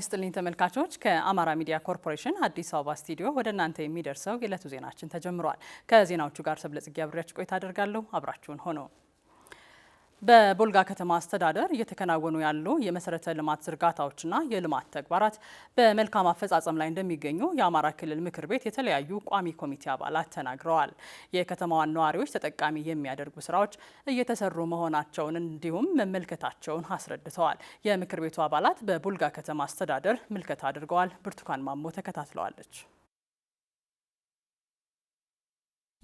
ይስጥልኝ ተመልካቾች፣ ከአማራ ሚዲያ ኮርፖሬሽን አዲስ አበባ ስቱዲዮ ወደ እናንተ የሚደርሰው የዕለቱ ዜናችን ተጀምሯል። ከዜናዎቹ ጋር ሰብለጽጌ አብሬያችሁ ቆይታ አደርጋለሁ። አብራችሁን ሆነው በቦልጋ ከተማ አስተዳደር እየተከናወኑ ያሉ የመሰረተ ልማት ዝርጋታዎችና የልማት ተግባራት በመልካም አፈጻጸም ላይ እንደሚገኙ የአማራ ክልል ምክር ቤት የተለያዩ ቋሚ ኮሚቴ አባላት ተናግረዋል። የከተማዋን ነዋሪዎች ተጠቃሚ የሚያደርጉ ስራዎች እየተሰሩ መሆናቸውን እንዲሁም መመልከታቸውን አስረድተዋል። የምክር ቤቱ አባላት በቦልጋ ከተማ አስተዳደር ምልከታ አድርገዋል። ብርቱካን ማሞ ተከታትለዋለች።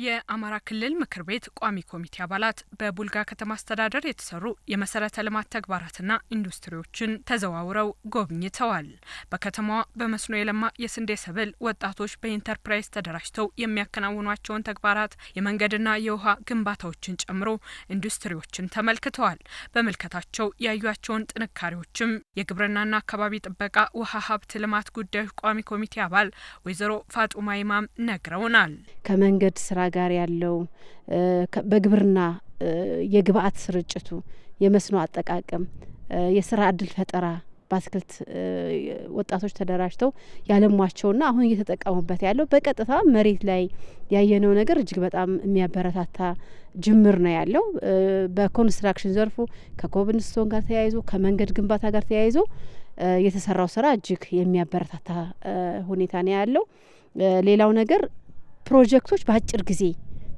የአማራ ክልል ምክር ቤት ቋሚ ኮሚቴ አባላት በቡልጋ ከተማ አስተዳደር የተሰሩ የመሰረተ ልማት ተግባራትና ኢንዱስትሪዎችን ተዘዋውረው ጎብኝተዋል። በከተማዋ በመስኖ የለማ የስንዴ ሰብል ወጣቶች በኢንተርፕራይዝ ተደራጅተው የሚያከናውኗቸውን ተግባራት፣ የመንገድና የውሃ ግንባታዎችን ጨምሮ ኢንዱስትሪዎችን ተመልክተዋል። በምልከታቸው ያዩቸውን ጥንካሬዎችም የግብርናና አካባቢ ጥበቃ ውሃ ሀብት ልማት ጉዳዮች ቋሚ ኮሚቴ አባል ወይዘሮ ፋጡማ ይማም ነግረውናል። ከመንገድ ስራ ጋር ያለው በግብርና የግብአት ስርጭቱ፣ የመስኖ አጠቃቀም፣ የስራ እድል ፈጠራ በአትክልት ወጣቶች ተደራጅተው ያለሟቸውና አሁን እየተጠቀሙበት ያለው በቀጥታ መሬት ላይ ያየነው ነገር እጅግ በጣም የሚያበረታታ ጅምር ነው ያለው። በኮንስትራክሽን ዘርፉ ከኮብልስቶን ጋር ተያይዞ ከመንገድ ግንባታ ጋር ተያይዞ የተሰራው ስራ እጅግ የሚያበረታታ ሁኔታ ነው ያለው። ሌላው ነገር ፕሮጀክቶች በአጭር ጊዜ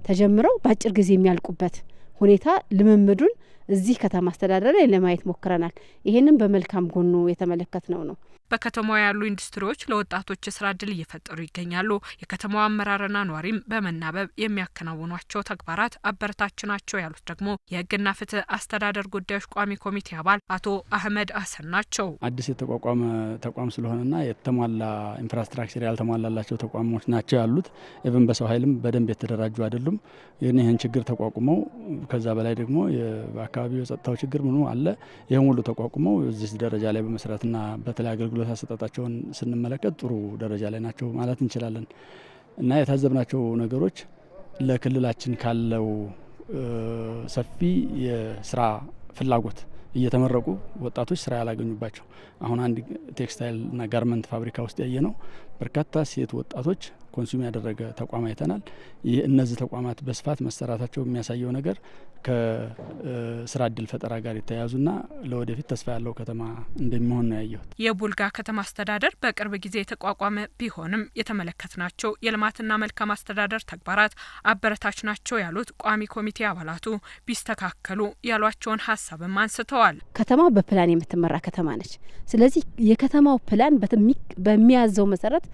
ተጀምረው በአጭር ጊዜ የሚያልቁበት ሁኔታ ልምምዱን እዚህ ከተማ አስተዳደር ላይ ለማየት ሞክረናል። ይሄንን በመልካም ጎኑ የተመለከት ነው ነው በከተማዋ ያሉ ኢንዱስትሪዎች ለወጣቶች የስራ እድል እየፈጠሩ ይገኛሉ። የከተማዋ አመራርና ኗሪም በመናበብ የሚያከናውኗቸው ተግባራት አበረታች ናቸው ያሉት ደግሞ የህግና ፍትህ አስተዳደር ጉዳዮች ቋሚ ኮሚቴ አባል አቶ አህመድ አሰን ናቸው። አዲስ የተቋቋመ ተቋም ስለሆነና የተሟላ ኢንፍራስትራክቸር ያልተሟላላቸው ተቋሞች ናቸው ያሉት። ኢቭን በሰው ኃይልም በደንብ የተደራጁ አይደሉም። ይህን ይህን ችግር ተቋቁመው ከዛ በላይ ደግሞ በአካባቢው የጸጥታው ችግር ምኑ አለ። ይህን ሁሉ ተቋቁመው እዚህ ደረጃ ላይ በመስራትና በተለይ አገልግሎት አሰጣጣቸውን ስንመለከት ጥሩ ደረጃ ላይ ናቸው ማለት እንችላለን እና የታዘብናቸው ነገሮች ለክልላችን ካለው ሰፊ የስራ ፍላጎት እየተመረቁ ወጣቶች ስራ ያላገኙባቸው አሁን አንድ ቴክስታይልና ጋርመንት ፋብሪካ ውስጥ ያየ ነው። በርካታ ሴት ወጣቶች ኮንሱም ያደረገ ተቋም አይተናል። ይህ እነዚህ ተቋማት በስፋት መሰራታቸው የሚያሳየው ነገር ከስራ እድል ፈጠራ ጋር የተያያዙና ለወደፊት ተስፋ ያለው ከተማ እንደሚሆን ነው ያየሁት። የቡልጋ ከተማ አስተዳደር በቅርብ ጊዜ የተቋቋመ ቢሆንም የተመለከትናቸው የልማትና መልካም አስተዳደር ተግባራት አበረታች ናቸው ያሉት ቋሚ ኮሚቴ አባላቱ ቢስተካከሉ ያሏቸውን ሀሳብም አንስተዋል። ከተማ በፕላን የምትመራ ከተማ ነች። ስለዚህ የከተማው ፕላን በሚያዘው መሰረት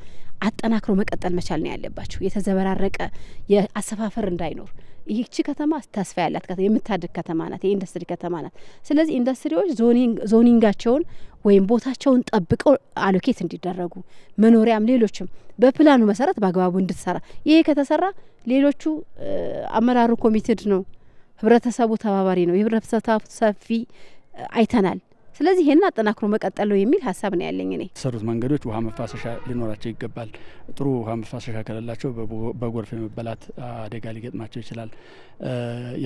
አጠናክሮ መቀጠል መቻል ነው ያለባቸው። የተዘበራረቀ የአሰፋፈር እንዳይኖር ይህቺ ከተማ ተስፋ ያላት የምታድግ ከተማ ናት፣ የኢንዱስትሪ ከተማ ናት። ስለዚህ ኢንዱስትሪዎች ዞኒንጋቸውን ወይም ቦታቸውን ጠብቀው አሎኬት እንዲደረጉ መኖሪያም፣ ሌሎችም በፕላኑ መሰረት በአግባቡ እንድትሰራ ይሄ ከተሰራ ሌሎቹ አመራሩ ኮሚቴድ ነው፣ ህብረተሰቡ ተባባሪ ነው። የህብረተሰቡ ሰፊ አይተናል። ስለዚህ ይሄን አጠናክሮ መቀጠል ነው የሚል ሀሳብ ነው ያለኝ። እኔ የተሰሩት መንገዶች ውሃ መፋሰሻ ሊኖራቸው ይገባል። ጥሩ ውሃ መፋሰሻ ከሌላቸው በጎርፍ የመበላት አደጋ ሊገጥማቸው ይችላል።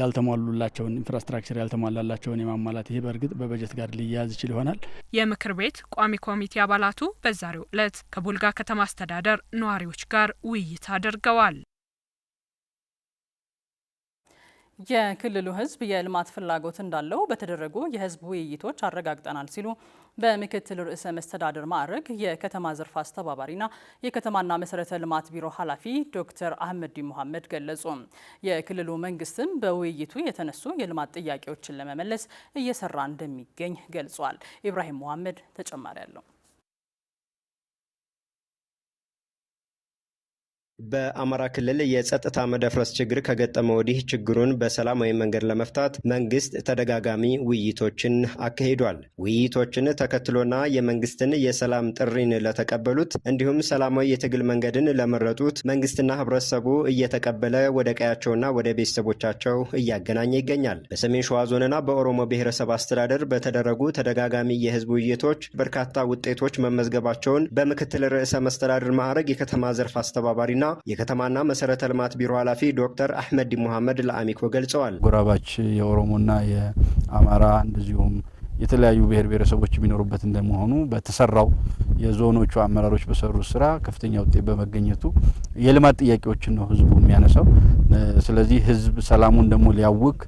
ያልተሟሉላቸውን ኢንፍራስትራክቸር ያልተሟላላቸውን የማሟላት ይሄ በእርግጥ በበጀት ጋር ሊያያዝ ይችል ይሆናል። የምክር ቤት ቋሚ ኮሚቴ አባላቱ በዛሬው ዕለት ከቡልጋ ከተማ አስተዳደር ነዋሪዎች ጋር ውይይት አድርገዋል። የክልሉ ህዝብ የልማት ፍላጎት እንዳለው በተደረጉ የህዝብ ውይይቶች አረጋግጠናል ሲሉ በምክትል ርዕሰ መስተዳድር ማዕረግ የከተማ ዘርፍ አስተባባሪና የከተማና መሰረተ ልማት ቢሮ ኃላፊ ዶክተር አህመዲ ሙሐመድ ገለጹ። የክልሉ መንግስትም በውይይቱ የተነሱ የልማት ጥያቄዎችን ለመመለስ እየሰራ እንደሚገኝ ገልጿል። ኢብራሂም ሙሐመድ ተጨማሪ አለው። በአማራ ክልል የጸጥታ መደፍረስ ችግር ከገጠመ ወዲህ ችግሩን በሰላማዊ መንገድ ለመፍታት መንግስት ተደጋጋሚ ውይይቶችን አካሂዷል። ውይይቶችን ተከትሎና የመንግስትን የሰላም ጥሪን ለተቀበሉት እንዲሁም ሰላማዊ የትግል መንገድን ለመረጡት መንግስትና ህብረተሰቡ እየተቀበለ ወደ ቀያቸውና ወደ ቤተሰቦቻቸው እያገናኘ ይገኛል። በሰሜን ሸዋ ዞንና በኦሮሞ ብሔረሰብ አስተዳደር በተደረጉ ተደጋጋሚ የህዝብ ውይይቶች በርካታ ውጤቶች መመዝገባቸውን በምክትል ርዕሰ መስተዳድር ማዕረግ የከተማ ዘርፍ አስተባባሪና ና የከተማና መሰረተ ልማት ቢሮ ኃላፊ ዶክተር አሕመድ ሙሐመድ ለአሚኮ ገልጸዋል። ጎራባች የኦሮሞና የአማራ እንደዚሁም የተለያዩ ብሔር ብሔረሰቦች የሚኖሩበት እንደመሆኑ በተሰራው የዞኖቹ አመራሮች በሰሩ ስራ ከፍተኛ ውጤት በመገኘቱ የልማት ጥያቄዎችን ነው ህዝቡ የሚያነሳው። ስለዚህ ህዝብ ሰላሙን ደግሞ ሊያውክ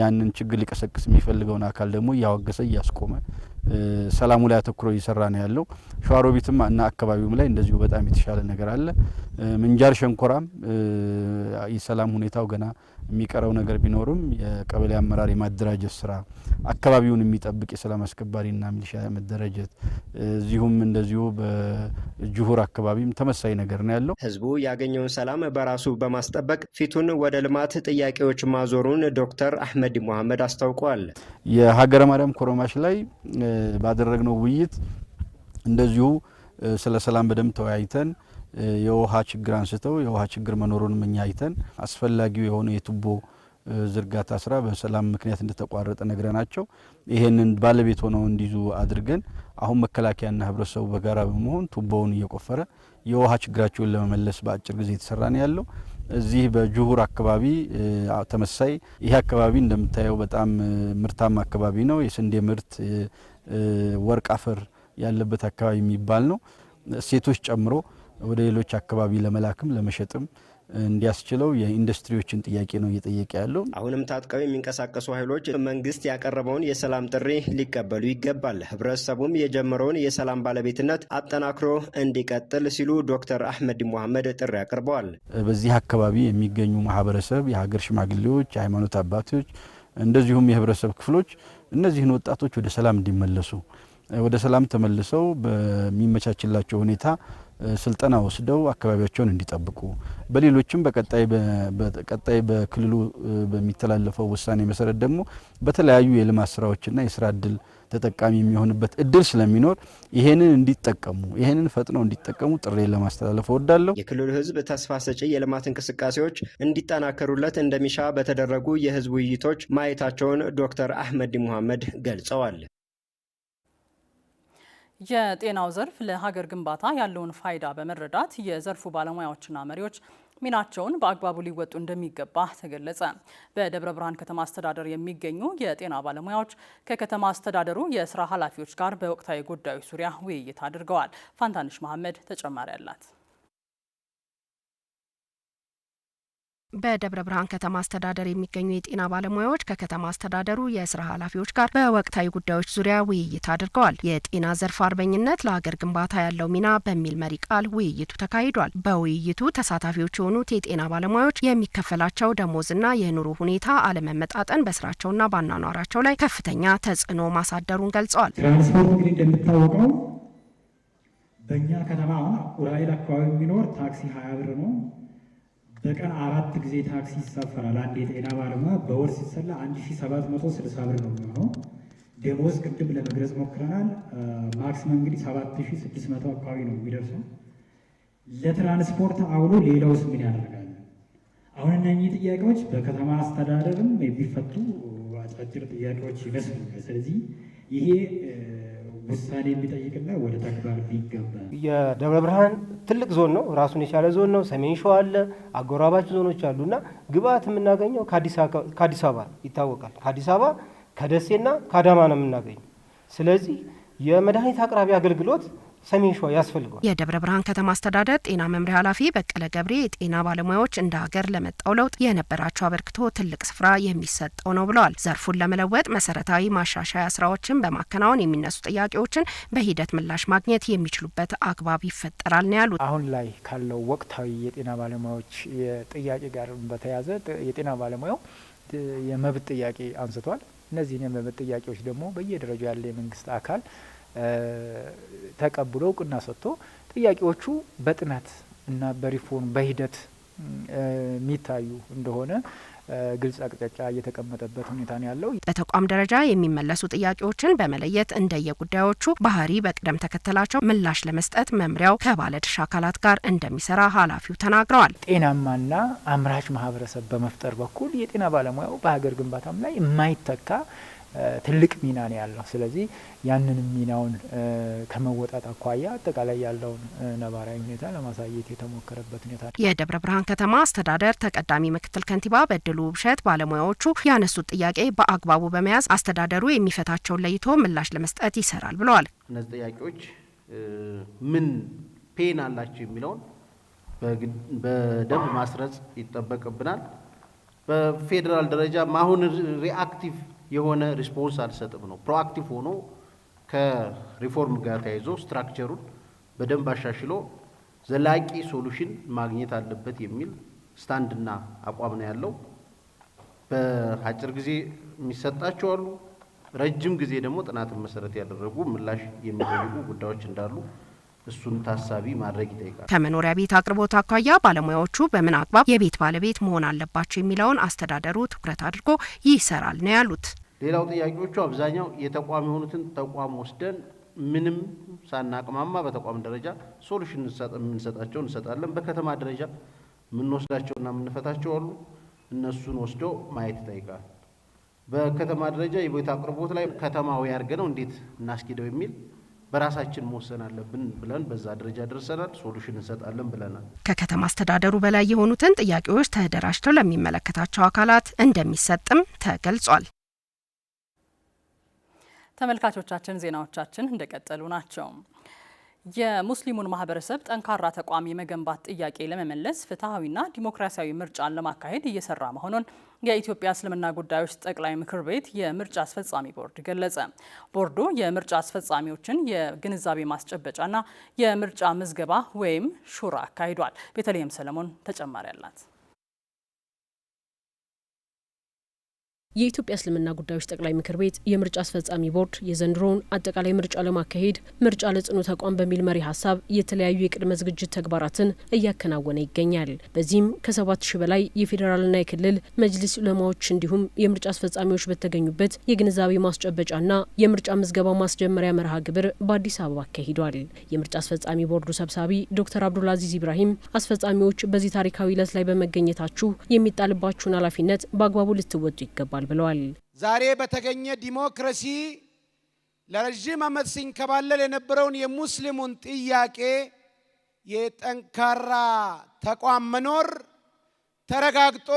ያንን ችግር ሊቀሰቅስ የሚፈልገውን አካል ደግሞ እያወገሰ እያስቆመ ሰላሙ ላይ አተኩሮ እየሰራ ነው ያለው። ሸዋሮቢትም እና አካባቢውም ላይ እንደዚሁ በጣም የተሻለ ነገር አለ። ምንጃር ሸንኮራም የሰላም ሁኔታው ገና የሚቀረው ነገር ቢኖርም የቀበሌ አመራር የማደራጀት ስራ፣ አካባቢውን የሚጠብቅ የሰላም አስከባሪና ሚሊሻ መደራጀት፣ እዚሁም እንደዚሁ በጅሁር አካባቢም ተመሳይ ነገር ነው ያለው። ህዝቡ ያገኘውን ሰላም በራሱ በማስጠበቅ ፊቱን ወደ ልማት ጥያቄዎች ማዞሩን ዶክተር አህመድ መሐመድ አስታውቀዋል። የሀገረ ማርያም ኮረማሽ ላይ ባደረግነው ውይይት እንደዚሁ ስለ ሰላም በደንብ ተወያይተን የውሃ ችግር አንስተው የውሃ ችግር መኖሩን እኛ አይተን አስፈላጊው የሆነ የቱቦ ዝርጋታ ስራ በሰላም ምክንያት እንደተቋረጠ ነግረናቸው ይሄንን ባለቤት ሆነው እንዲይዙ አድርገን አሁን መከላከያና ህብረተሰቡ በጋራ በመሆን ቱቦውን እየቆፈረ የውሃ ችግራቸውን ለመመለስ በአጭር ጊዜ የተሰራ ነው ያለው። እዚህ በጁሁር አካባቢ ተመሳይ ይሄ አካባቢ እንደምታየው በጣም ምርታማ አካባቢ ነው። የስንዴ ምርት ወርቅ አፈር ያለበት አካባቢ የሚባል ነው። እሴቶች ጨምሮ ወደ ሌሎች አካባቢ ለመላክም ለመሸጥም እንዲያስችለው የኢንዱስትሪዎችን ጥያቄ ነው እየጠየቀ ያለው። አሁንም ታጥቀው የሚንቀሳቀሱ ኃይሎች መንግስት ያቀረበውን የሰላም ጥሪ ሊቀበሉ ይገባል። ህብረተሰቡም የጀመረውን የሰላም ባለቤትነት አጠናክሮ እንዲቀጥል ሲሉ ዶክተር አህመድ ሙሐመድ ጥሪ አቅርበዋል። በዚህ አካባቢ የሚገኙ ማህበረሰብ፣ የሀገር ሽማግሌዎች፣ የሃይማኖት አባቶች እንደዚሁም የህብረተሰብ ክፍሎች እነዚህን ወጣቶች ወደ ሰላም እንዲመለሱ ወደ ሰላም ተመልሰው በሚመቻችላቸው ሁኔታ ስልጠና ወስደው አካባቢያቸውን እንዲጠብቁ በሌሎችም በቀጣይ በክልሉ በሚተላለፈው ውሳኔ መሰረት ደግሞ በተለያዩ የልማት ስራዎችና የስራ እድል ተጠቃሚ የሚሆንበት እድል ስለሚኖር ይሄንን እንዲጠቀሙ ይሄንን ፈጥነው እንዲጠቀሙ ጥሬ ለማስተላለፍ እወዳለሁ። የክልሉ ሕዝብ ተስፋ ሰጪ የልማት እንቅስቃሴዎች እንዲጠናከሩለት እንደሚሻ በተደረጉ የሕዝብ ውይይቶች ማየታቸውን ዶክተር አህመድ ሙሐመድ ገልጸዋል። የጤናው ዘርፍ ለሀገር ግንባታ ያለውን ፋይዳ በመረዳት የዘርፉ ባለሙያዎችና መሪዎች ሚናቸውን በአግባቡ ሊወጡ እንደሚገባ ተገለጸ። በደብረ ብርሃን ከተማ አስተዳደር የሚገኙ የጤና ባለሙያዎች ከከተማ አስተዳደሩ የስራ ኃላፊዎች ጋር በወቅታዊ ጉዳዮች ዙሪያ ውይይት አድርገዋል። ፋንታንሽ መሐመድ ተጨማሪ አላት። በደብረ ብርሃን ከተማ አስተዳደር የሚገኙ የጤና ባለሙያዎች ከከተማ አስተዳደሩ የስራ ኃላፊዎች ጋር በወቅታዊ ጉዳዮች ዙሪያ ውይይት አድርገዋል። የጤና ዘርፍ አርበኝነት ለሀገር ግንባታ ያለው ሚና በሚል መሪ ቃል ውይይቱ ተካሂዷል። በውይይቱ ተሳታፊዎች የሆኑት የጤና ባለሙያዎች የሚከፈላቸው ደሞዝና የኑሮ ሁኔታ አለመመጣጠን በስራቸውና በአኗኗራቸው ላይ ከፍተኛ ተጽዕኖ ማሳደሩን ገልጸዋል። ትራንስፖርት እንግዲህ እንደሚታወቀው በእኛ ከተማ ራይል አካባቢ የሚኖር ታክሲ ሀያ ብር ነው በቀን አራት ጊዜ ታክሲ ይሳፈራል። አንድ የጤና ባለሙያ በወር ሲሰላ 1760 ብር ነው የሚሆነው። ደሞዝ ቅድም ለመግለጽ ሞክረናል። ማክሲመም እንግዲህ 7600 አካባቢ ነው የሚደርሰው። ለትራንስፖርት አውሎ ሌላውስ ምን ያደርጋል? አሁን እነኚህ ጥያቄዎች በከተማ አስተዳደርም የሚፈቱ አጫጭር ጥያቄዎች ይመስሉ ስለዚህ ይሄ ውሳኔ የሚጠይቅና ወደ ተግባር ቢገባ የደብረ ብርሃን ትልቅ ዞን ነው፣ ራሱን የቻለ ዞን ነው። ሰሜን ሸዋ አለ፣ አጎራባች ዞኖች አሉ እና ግብአት የምናገኘው ከአዲስ አበባ ይታወቃል። ከአዲስ አበባ ከደሴና ከአዳማ ነው የምናገኘው። ስለዚህ የመድኃኒት አቅራቢ አገልግሎት ሰሜን ሸዋ ያስፈልገዋል። የደብረ ብርሃን ከተማ አስተዳደር ጤና መምሪያ ኃላፊ በቀለ ገብሬ የጤና ባለሙያዎች እንደ ሀገር ለመጣው ለውጥ የነበራቸው አበርክቶ ትልቅ ስፍራ የሚሰጠው ነው ብለዋል። ዘርፉን ለመለወጥ መሰረታዊ ማሻሻያ ስራዎችን በማከናወን የሚነሱ ጥያቄዎችን በሂደት ምላሽ ማግኘት የሚችሉበት አግባብ ይፈጠራል ነው ያሉት። አሁን ላይ ካለው ወቅታዊ የጤና ባለሙያዎች ጥያቄ ጋር በተያያዘ የጤና ባለሙያው የመብት ጥያቄ አንስቷል። እነዚህን የመብት ጥያቄዎች ደግሞ በየደረጃው ያለ የመንግስት አካል ተቀብሎ እውቅና ሰጥቶ ጥያቄዎቹ በጥናት እና በሪፎርም በሂደት የሚታዩ እንደሆነ ግልጽ አቅጫጫ እየተቀመጠበት ሁኔታ ነው ያለው። በተቋም ደረጃ የሚመለሱ ጥያቄዎችን በመለየት እንደየጉዳዮቹ ባህሪ በቅደም ተከተላቸው ምላሽ ለመስጠት መምሪያው ከባለድርሻ አካላት ጋር እንደሚሰራ ኃላፊው ተናግረዋል። ጤናማና አምራች ማህበረሰብ በመፍጠር በኩል የጤና ባለሙያው በሀገር ግንባታም ላይ የማይተካ ትልቅ ሚና ነው ያለው። ስለዚህ ያንን ሚናውን ከመወጣት አኳያ አጠቃላይ ያለውን ነባራዊ ሁኔታ ለማሳየት የተሞከረበት ሁኔታ ነው። የደብረ ብርሃን ከተማ አስተዳደር ተቀዳሚ ምክትል ከንቲባ በድሉ ውብሸት ባለሙያዎቹ ያነሱት ጥያቄ በአግባቡ በመያዝ አስተዳደሩ የሚፈታቸውን ለይቶ ምላሽ ለመስጠት ይሰራል ብለዋል። እነዚህ ጥያቄዎች ምን ፔን አላቸው የሚለውን በደንብ ማስረጽ ይጠበቅብናል። በፌዴራል ደረጃ ማሁን ሪአክቲቭ የሆነ ሪስፖንስ አልሰጥም ነው። ፕሮአክቲቭ ሆኖ ከሪፎርም ጋር ተያይዞ ስትራክቸሩን በደንብ አሻሽሎ ዘላቂ ሶሉሽን ማግኘት አለበት የሚል ስታንድና አቋም ነው ያለው። በአጭር ጊዜ የሚሰጣቸው አሉ፣ ረጅም ጊዜ ደግሞ ጥናትን መሰረት ያደረጉ ምላሽ የሚጠይቁ ጉዳዮች እንዳሉ እሱን ታሳቢ ማድረግ ይጠይቃል። ከመኖሪያ ቤት አቅርቦት አኳያ ባለሙያዎቹ በምን አግባብ የቤት ባለቤት መሆን አለባቸው የሚለውን አስተዳደሩ ትኩረት አድርጎ ይሰራል ነው ያሉት። ሌላው ጥያቄዎቹ አብዛኛው የተቋም የሆኑትን ተቋም ወስደን ምንም ሳናቅማማ በተቋም ደረጃ ሶሉሽን የምንሰጣቸው እንሰጣለን። በከተማ ደረጃ የምንወስዳቸውና የምንፈታቸው አሉ። እነሱን ወስዶ ማየት ይጠይቃል። በከተማ ደረጃ የቤት አቅርቦት ላይ ከተማዊ አድርገነው እንዴት እናስኪደው የሚል በራሳችን መወሰን አለብን ብለን በዛ ደረጃ ደርሰናል። ሶሉሽን እንሰጣለን ብለናል። ከከተማ አስተዳደሩ በላይ የሆኑትን ጥያቄዎች ተደራጅተው ለሚመለከታቸው አካላት እንደሚሰጥም ተገልጿል። ተመልካቾቻችን ዜናዎቻችን እንደቀጠሉ ናቸው። የሙስሊሙን ማህበረሰብ ጠንካራ ተቋም የመገንባት ጥያቄ ለመመለስ ፍትሐዊና ዲሞክራሲያዊ ምርጫን ለማካሄድ እየሰራ መሆኑን የኢትዮጵያ እስልምና ጉዳዮች ጠቅላይ ምክር ቤት የምርጫ አስፈጻሚ ቦርድ ገለጸ። ቦርዱ የምርጫ አስፈጻሚዎችን የግንዛቤ ማስጨበጫና የምርጫ ምዝገባ ወይም ሹራ አካሂዷል። ቤተልሔም ሰለሞን ተጨማሪ አላት። የኢትዮጵያ እስልምና ጉዳዮች ጠቅላይ ምክር ቤት የምርጫ አስፈጻሚ ቦርድ የዘንድሮውን አጠቃላይ ምርጫ ለማካሄድ ምርጫ ለጽኑ ተቋም በሚል መሪ ሀሳብ የተለያዩ የቅድመ ዝግጅት ተግባራትን እያከናወነ ይገኛል። በዚህም ከሰባት ሺህ በላይ የፌዴራልና የክልል መጅሊስ ዑለማዎች እንዲሁም የምርጫ አስፈጻሚዎች በተገኙበት የግንዛቤ ማስጨበጫና የምርጫ ምዝገባ ማስጀመሪያ መርሃ ግብር በአዲስ አበባ አካሂዷል። የምርጫ አስፈጻሚ ቦርዱ ሰብሳቢ ዶክተር አብዱልአዚዝ ኢብራሂም አስፈጻሚዎች በዚህ ታሪካዊ ዕለት ላይ በመገኘታችሁ የሚጣልባችሁን ኃላፊነት በአግባቡ ልትወጡ ይገባል ተገኝተዋል ብለዋል። ዛሬ በተገኘ ዲሞክራሲ ለረዥም ዓመት ሲንከባለል የነበረውን የሙስሊሙን ጥያቄ የጠንካራ ተቋም መኖር ተረጋግጦ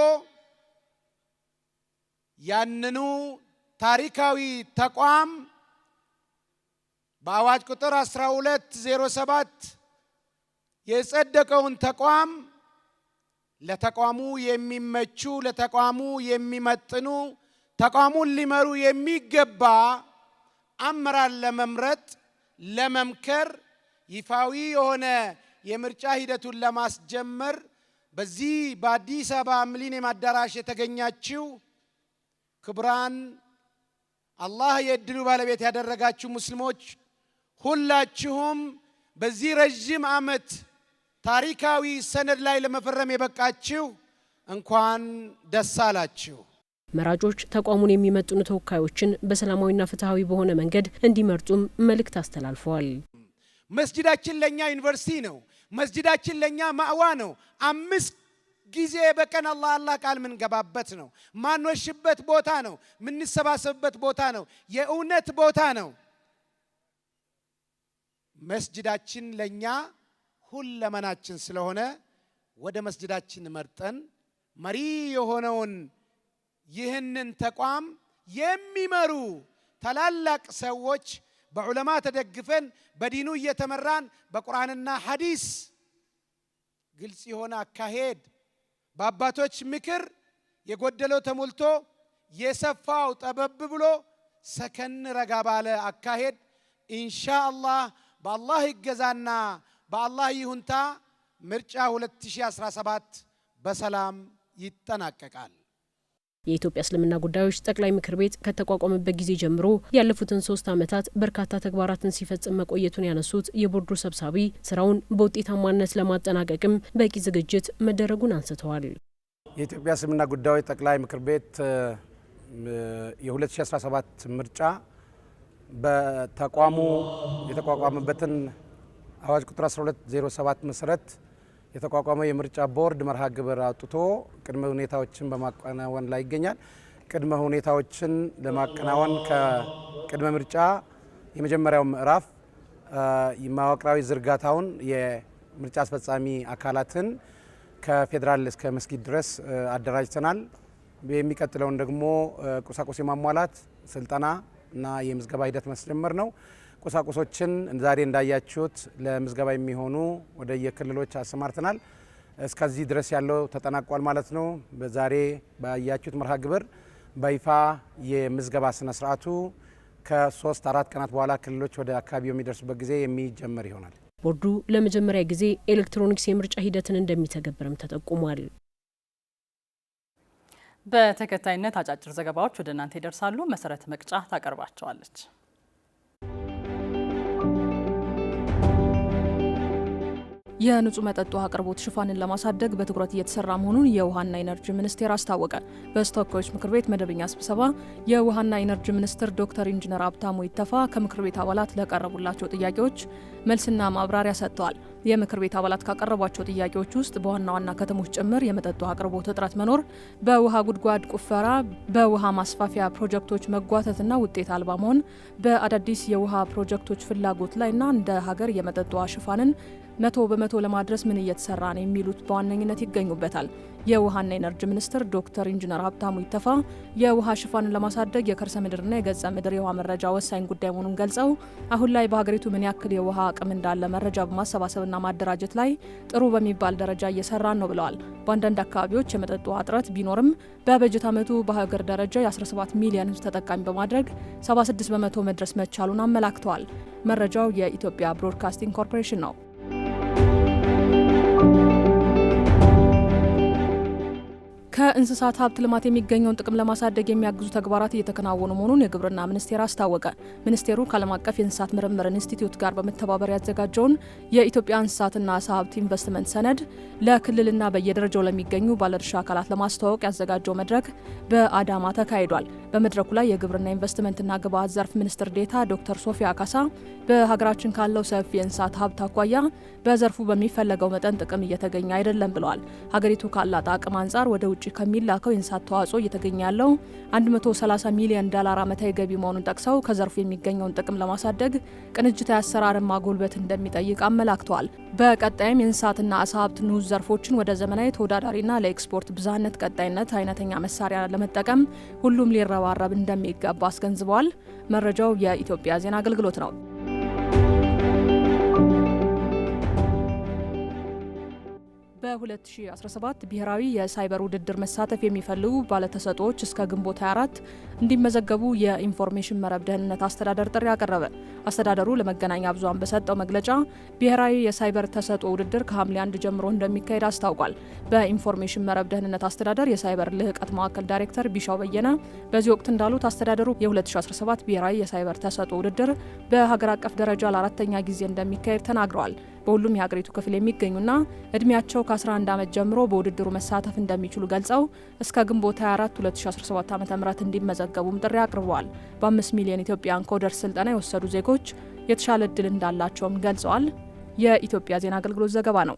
ያንኑ ታሪካዊ ተቋም በአዋጅ ቁጥር 1207 የጸደቀውን ተቋም ለተቋሙ የሚመቹ ለተቋሙ የሚመጥኑ ተቋሙን ሊመሩ የሚገባ አመራር ለመምረጥ ለመምከር ይፋዊ የሆነ የምርጫ ሂደቱን ለማስጀመር በዚህ በአዲስ አበባ ሚሊኒየም አዳራሽ የተገኛችው ክቡራን አላህ የእድሉ ባለቤት ያደረጋችሁ ሙስሊሞች ሁላችሁም በዚህ ረዥም ዓመት ታሪካዊ ሰነድ ላይ ለመፈረም የበቃችው እንኳን ደስ አላችሁ። መራጮች ተቋሙን የሚመጡን ተወካዮችን በሰላማዊና ፍትሐዊ በሆነ መንገድ እንዲመርጡም መልእክት አስተላልፈዋል። መስጅዳችን ለእኛ ዩኒቨርሲቲ ነው። መስጅዳችን ለእኛ ማዕዋ ነው። አምስት ጊዜ በቀን አላህ አላህ ቃል ምንገባበት ነው። ማንወሽበት ቦታ ነው። ምንሰባሰብበት ቦታ ነው። የእውነት ቦታ ነው። መስጅዳችን ለእኛ ሁለመናችን ስለሆነ ወደ መስጅዳችን መርጠን መሪ የሆነውን ይህንን ተቋም የሚመሩ ታላላቅ ሰዎች በዑለማ ተደግፈን በዲኑ እየተመራን በቁርአንና ሐዲስ ግልጽ የሆነ አካሄድ በአባቶች ምክር የጎደለው ተሞልቶ የሰፋው ጠበብ ብሎ ሰከን ረጋ ባለ አካሄድ ኢንሻ አላህ በአላህ ይገዛና በአላህ ይሁንታ ምርጫ 2017 በሰላም ይጠናቀቃል። የኢትዮጵያ እስልምና ጉዳዮች ጠቅላይ ምክር ቤት ከተቋቋመበት ጊዜ ጀምሮ ያለፉትን ሶስት ዓመታት በርካታ ተግባራትን ሲፈጽም መቆየቱን ያነሱት የቦርዱ ሰብሳቢ ስራውን በውጤታማነት ለማጠናቀቅም በቂ ዝግጅት መደረጉን አንስተዋል። የኢትዮጵያ እስልምና ጉዳዮች ጠቅላይ ምክር ቤት የ2017 ምርጫ በተቋሙ የተቋቋመበትን አዋጅ ቁጥር 1207 መሰረት የተቋቋመው የምርጫ ቦርድ መርሃ ግብር አውጥቶ ቅድመ ሁኔታዎችን በማከናወን ላይ ይገኛል። ቅድመ ሁኔታዎችን ለማከናወን ከቅድመ ምርጫ የመጀመሪያው ምዕራፍ መዋቅራዊ ዝርጋታውን የምርጫ አስፈጻሚ አካላትን ከፌዴራል እስከ መስጊድ ድረስ አደራጅተናል። የሚቀጥለውን ደግሞ ቁሳቁስ የማሟላት ስልጠና እና የምዝገባ ሂደት ማስጀመር ነው። ቁሳቁሶችን ዛሬ እንዳያችሁት ለምዝገባ የሚሆኑ ወደ የክልሎች አሰማርተናል። እስከዚህ ድረስ ያለው ተጠናቋል ማለት ነው። በዛሬ ባያችሁት መርሃ ግብር በይፋ የምዝገባ ስነ ስርዓቱ ከሶስት አራት ቀናት በኋላ ክልሎች ወደ አካባቢው የሚደርሱበት ጊዜ የሚጀመር ይሆናል። ቦርዱ ለመጀመሪያ ጊዜ ኤሌክትሮኒክስ የምርጫ ሂደትን እንደሚተገብርም ተጠቁሟል። በተከታይነት አጫጭር ዘገባዎች ወደ እናንተ ይደርሳሉ። መሰረት መቅጫ ታቀርባቸዋለች። የንጹህ መጠጥ ውሃ አቅርቦት ሽፋንን ለማሳደግ በትኩረት እየተሰራ መሆኑን የውሃና ኢነርጂ ሚኒስቴር አስታወቀ። በተወካዮች ምክር ቤት መደበኛ ስብሰባ የውሃና ኢነርጂ ሚኒስትር ዶክተር ኢንጂነር ሀብታሙ ኢተፋ ከምክር ቤት አባላት ለቀረቡላቸው ጥያቄዎች መልስና ማብራሪያ ሰጥተዋል። የምክር ቤት አባላት ካቀረቧቸው ጥያቄዎች ውስጥ በዋና ዋና ከተሞች ጭምር የመጠጥ አቅርቦት እጥረት መኖር፣ በውሃ ጉድጓድ ቁፈራ፣ በውሃ ማስፋፊያ ፕሮጀክቶች መጓተትና ውጤት አልባ መሆን፣ በአዳዲስ የውሃ ፕሮጀክቶች ፍላጎት ላይና እንደ ሀገር የመጠጥ ውሃ ሽፋንን መቶ በመቶ ለማድረስ ምን እየተሰራ ነው የሚሉት በዋነኝነት ይገኙበታል። የውሃና ኤነርጂ ሚኒስትር ዶክተር ኢንጂነር ሀብታሙ ይተፋ የውሃ ሽፋንን ለማሳደግ የከርሰ ምድርና የገጸ ምድር የውሃ መረጃ ወሳኝ ጉዳይ መሆኑን ገልጸው አሁን ላይ በሀገሪቱ ምን ያክል የውሃ አቅም እንዳለ መረጃ በማሰባሰብና ማደራጀት ላይ ጥሩ በሚባል ደረጃ እየሰራን ነው ብለዋል። በአንዳንድ አካባቢዎች የመጠጥ ውሃ እጥረት ቢኖርም በበጀት ዓመቱ በሀገር ደረጃ የ17 ሚሊዮን ህዝብ ተጠቃሚ በማድረግ 76 በመቶ መድረስ መቻሉን አመላክተዋል። መረጃው የኢትዮጵያ ብሮድካስቲንግ ኮርፖሬሽን ነው። ከእንስሳት ሀብት ልማት የሚገኘውን ጥቅም ለማሳደግ የሚያግዙ ተግባራት እየተከናወኑ መሆኑን የግብርና ሚኒስቴር አስታወቀ። ሚኒስቴሩ ከዓለም አቀፍ የእንስሳት ምርምር ኢንስቲትዩት ጋር በመተባበር ያዘጋጀውን የኢትዮጵያ እንስሳትና ዓሳ ሀብት ኢንቨስትመንት ሰነድ ለክልልና በየደረጃው ለሚገኙ ባለድርሻ አካላት ለማስተዋወቅ ያዘጋጀው መድረክ በአዳማ ተካሂዷል። በመድረኩ ላይ የግብርና ኢንቨስትመንትና ግብዓት ዘርፍ ሚኒስትር ዴታ ዶክተር ሶፊያ ካሳ በሀገራችን ካለው ሰፊ የእንስሳት ሀብት አኳያ በዘርፉ በሚፈለገው መጠን ጥቅም እየተገኘ አይደለም ብለዋል። ሀገሪቱ ካላት አቅም አንጻር ወደ ውጭ ከሚላከው የእንስሳት ተዋጽኦ እየተገኘ ያለው 130 ሚሊዮን ዶላር ዓመታዊ ገቢ መሆኑን ጠቅሰው ከዘርፉ የሚገኘውን ጥቅም ለማሳደግ ቅንጅታዊ አሰራርን ማጎልበት እንደሚጠይቅ አመላክተዋል። በቀጣይም የእንስሳትና አሳ ሀብት ንዑስ ዘርፎችን ወደ ዘመናዊ ተወዳዳሪና ለኤክስፖርት ብዝሃነት ቀጣይነት አይነተኛ መሳሪያ ለመጠቀም ሁሉም ሊረባረብ እንደሚገባ አስገንዝበዋል። መረጃው የኢትዮጵያ ዜና አገልግሎት ነው። 2017 ብሔራዊ የሳይበር ውድድር መሳተፍ የሚፈልጉ ባለተሰጥኦዎች እስከ ግንቦት 24 እንዲመዘገቡ የኢንፎርሜሽን መረብ ደህንነት አስተዳደር ጥሪ አቀረበ። አስተዳደሩ ለመገናኛ ብዙኃን በሰጠው መግለጫ ብሔራዊ የሳይበር ተሰጥኦ ውድድር ከሐምሌ 1 ጀምሮ እንደሚካሄድ አስታውቋል። በኢንፎርሜሽን መረብ ደህንነት አስተዳደር የሳይበር ልህቀት ማዕከል ዳይሬክተር ቢሻው በየነ በዚህ ወቅት እንዳሉት አስተዳደሩ የ2017 ብሔራዊ የሳይበር ተሰጥኦ ውድድር በሀገር አቀፍ ደረጃ ለአራተኛ ጊዜ እንደሚካሄድ ተናግረዋል። በሁሉም የሀገሪቱ ክፍል የሚገኙና እድሜያቸው ከ11 ዓመት ጀምሮ በውድድሩ መሳተፍ እንደሚችሉ ገልጸው እስከ ግንቦት 24 2017 ዓ ም እንዲመዘገቡም ጥሪ አቅርበዋል። በ5 ሚሊዮን ኢትዮጵያን ኮደርስ ስልጠና የወሰዱ ዜጎች የተሻለ እድል እንዳላቸውም ገልጸዋል። የኢትዮጵያ ዜና አገልግሎት ዘገባ ነው።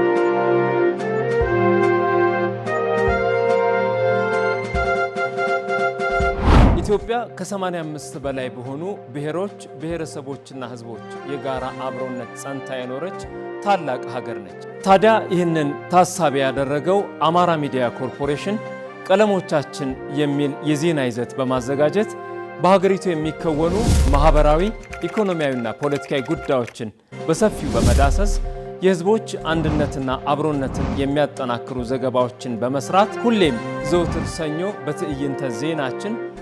ኢትዮጵያ ከ85 በላይ በሆኑ ብሔሮች ብሔረሰቦችና ሕዝቦች የጋራ አብሮነት ጸንታ የኖረች ታላቅ ሀገር ነች። ታዲያ ይህንን ታሳቢ ያደረገው አማራ ሚዲያ ኮርፖሬሽን ቀለሞቻችን የሚል የዜና ይዘት በማዘጋጀት በሀገሪቱ የሚከወኑ ማኅበራዊ፣ ኢኮኖሚያዊና ፖለቲካዊ ጉዳዮችን በሰፊው በመዳሰስ የህዝቦች አንድነትና አብሮነትን የሚያጠናክሩ ዘገባዎችን በመስራት ሁሌም ዘውትር ሰኞ በትዕይንተ ዜናችን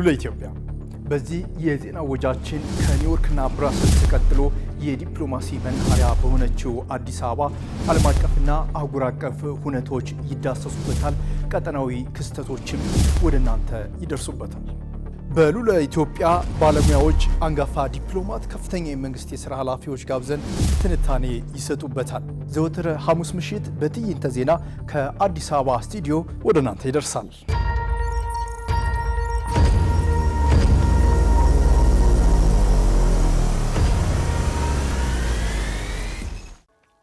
ሉላ ኢትዮጵያ በዚህ የዜና ወጃችን ከኒውዮርክና ብራስልስ ተቀጥሎ የዲፕሎማሲ መናኸሪያ በሆነችው አዲስ አበባ ዓለም አቀፍና አህጉር አቀፍ ሁነቶች ይዳሰሱበታል። ቀጠናዊ ክስተቶችም ወደ እናንተ ይደርሱበታል። በሉላ ኢትዮጵያ ባለሙያዎች፣ አንጋፋ ዲፕሎማት፣ ከፍተኛ የመንግስት የሥራ ኃላፊዎች ጋብዘን ትንታኔ ይሰጡበታል። ዘወትር ሐሙስ ምሽት በትዕይንተ ዜና ከአዲስ አበባ ስቱዲዮ ወደ እናንተ ይደርሳል።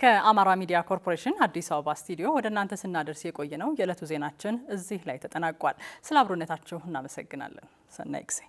ከአማራ ሚዲያ ኮርፖሬሽን አዲስ አበባ ስቱዲዮ ወደ እናንተ ስናደርስ የቆየ ነው የዕለቱ ዜናችን እዚህ ላይ ተጠናቋል። ስለ አብሮነታችሁ እናመሰግናለን። ሰናይ ጊዜ